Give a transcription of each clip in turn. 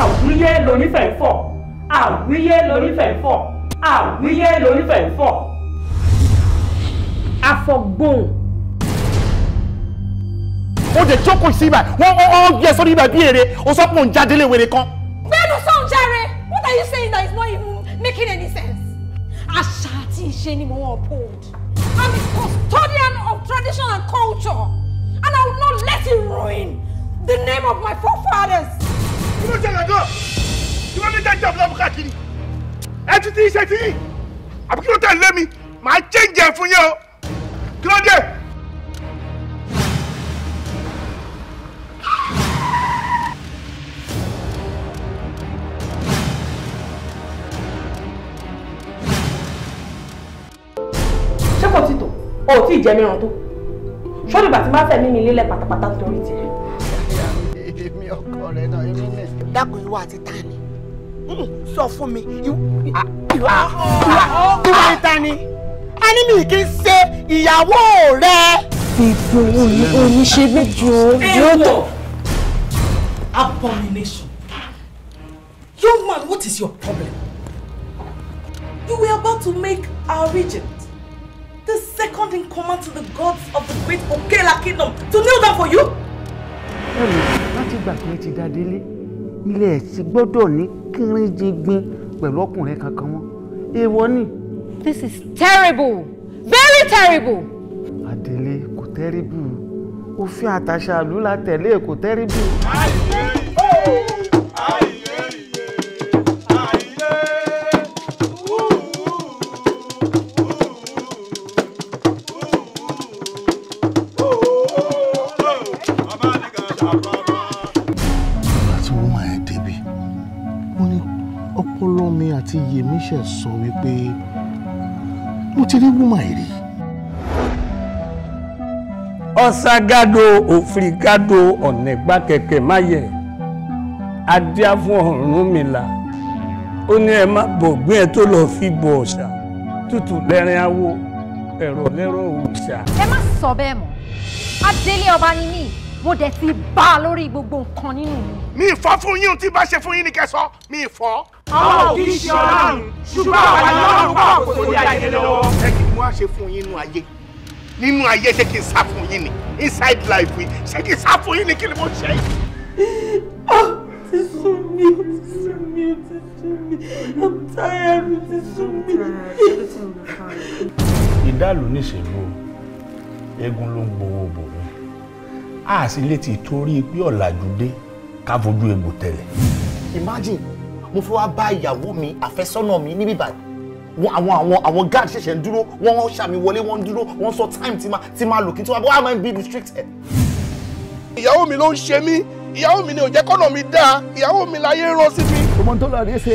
àwíyé lonífẹ̀ ń fọ̀ àwíyé lonífẹ̀ ń fọ̀ àwíyé lonífẹ̀ ń fọ̀. afọgbóhùn. ó jẹ jókòó sí ibà wọn ọ gbé sórí ibà bí èrè ó sọ pé òun jáde lè wèrè kan. gbẹ́nu sọ̀hún jàre what are you saying that is not even making any sense. àṣà àti ìṣe ni mo wọ́n uphold. I'm a custodian of tradition and culture and I will not let it ruin the name of my forefathers ṣẹlẹ̀ náà tí wọ́n ní jẹ́jẹ́ ọ̀bùnà bùkà kiri ẹ ti ti ṣe ti yìí àbí kí ló tẹ̀ lé mi màá jẹ́ǹjẹ́ fún yín o kí ló dé. ṣé kò tí tó o ò tí ì jẹ mìíràn tó ṣọ́dọ̀ bàtí má fẹ̀mí mi lélẹ̀ pátápátá nítorí tiẹ̀ èmi ọkọ rẹ náà èmi ní. dákun ìwà àti ta ni sọ fún mi ìwà ìwà ìta ni a ní mi kì í ṣe ìyàwó rẹ. ìbò oníṣègbè jòó jòó tó. abomination young man what is your problem you were about to make our regent the second in command to the gods of the great Okela kingdom to kneel down for you. Mm nígbà tí wọ́n ti dá délé ilé ẹ̀ sì gbọ́dọ̀ ní kíríjì pẹ̀lú ọkùnrin kankan wọn èèwọ̀ ni. this is terrible very terrible. àdélé kò tẹ́rìbù òfin àtàṣà àlùlà tẹ̀lé kò tẹ́rìbù. àdélé. Sanmi àti Yèmí ṣe sọ wípé mo ti rí wúmà èrè. ọ̀ságádò òfìrìgádò ọ̀nẹ́gbà kẹ̀kẹ́ máyẹ̀ adíá fún Ọ̀rúnmìlà ó ní ẹ má bọ̀gbìn ẹ tó lọ́ọ́ fi bọ òòṣà tútù lẹ́rìn awo ẹ̀rọ lẹ́rọ̀ òòṣà. ẹ má sọ bẹ́ẹ̀ mọ́ adélé ọba ni mí mo dẹ̀ ti bá a lórí gbogbo nǹkan nínú mi. mi ìfọ́ fún yín tí bá ṣe fún yín ni kẹsàn-án mi ìfọ́. àwọn òbí ṣe ọlọ́run ṣùgbọ́n àwọn ọlọ́run bá òkòtò ní ayé lọ́wọ́. ẹ kì í mú àṣẹ fún yín nínú ayé nínú ayé ṣé kí n sá fún yín ni inside life yìí ṣé kí n sá fún yín ni kí ni mo ṣe. ti sún mi ó ti sún mi ó ti sún mi i'm tired ó ti sún mi. ìdálò níṣèlú eégún ló ń gbowó bòmí a sì lè ti torí pé ọ̀làjú dé ká fojú egbò tẹ̀lẹ̀. imagine mo fẹ́ wá bá ìyàwó mi àfẹ́sọ́nà mi níbí báyìí wọn àwọn àwọn àwọn guard ṣẹ̀ṣẹ̀ ń dúró wọ́n ń ṣàmì wọlé wọ́n ń dúró wọ́n sọ time tí máa tí máa lò kí tí wọ́n bá wà máa ń be restricted. ìyàwó mi ló ń ṣe mí ìyàwó mi ni ò jẹ́ kọ́nà mi dáa ìyàwó mi láyé rán sí mi. ọmọ tó lọ rèé ṣe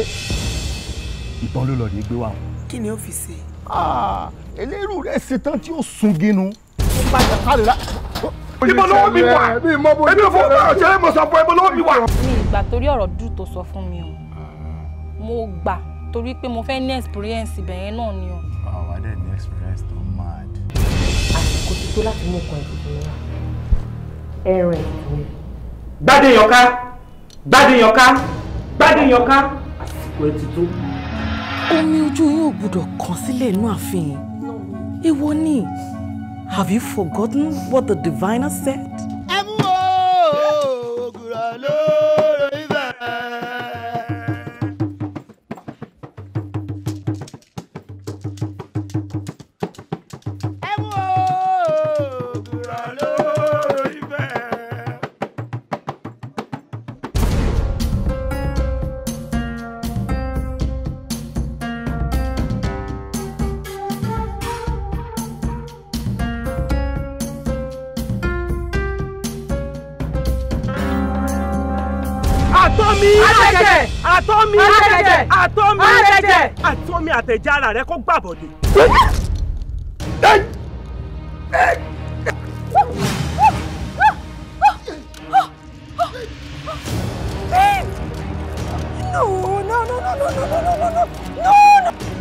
ìbọn ló lọ rèé gbé wa. kí ni ó fi ṣe. Ah, elérù rẹ̀ ṣetán tí ó sun ginu. ó bá jà kárẹ̀ rà ibo lọ́wọ́ mi wà èmi ò fọwọ́ bá ọ̀jẹ̀ mo sọ fún ẹ ibo lọ́wọ́ mi wà. mi ìgbà torí ọ̀rọ̀ dùn tó sọ fún mi o mo gbà torí pé mo fẹ́ ní experience ibẹ̀ yẹn náà ni o. àwa dẹ̀ ní experience tó mad. àsìkò ti tó láti mú ọkàn ìdìbò wa ẹran ìdìbò rẹ. gbádé yanká gbádé yanká gbádé yanká àsìkò ẹ ti tó. omi ojú yóò gbọ́dọ̀ kàn sílẹ̀ inú ààfin èwo ni. No. Have you forgotten what the diviner said? àtọ́mí àtẹ̀jẹ̀ àtọ́mí àtẹ̀jẹ̀ àtọ́mí àtẹ̀jẹ̀ àtọ́mí àtẹ̀jẹ̀ ara rẹ kó gbàbọ̀dé. No, no, no, no, no, no, no, no, no, no, no.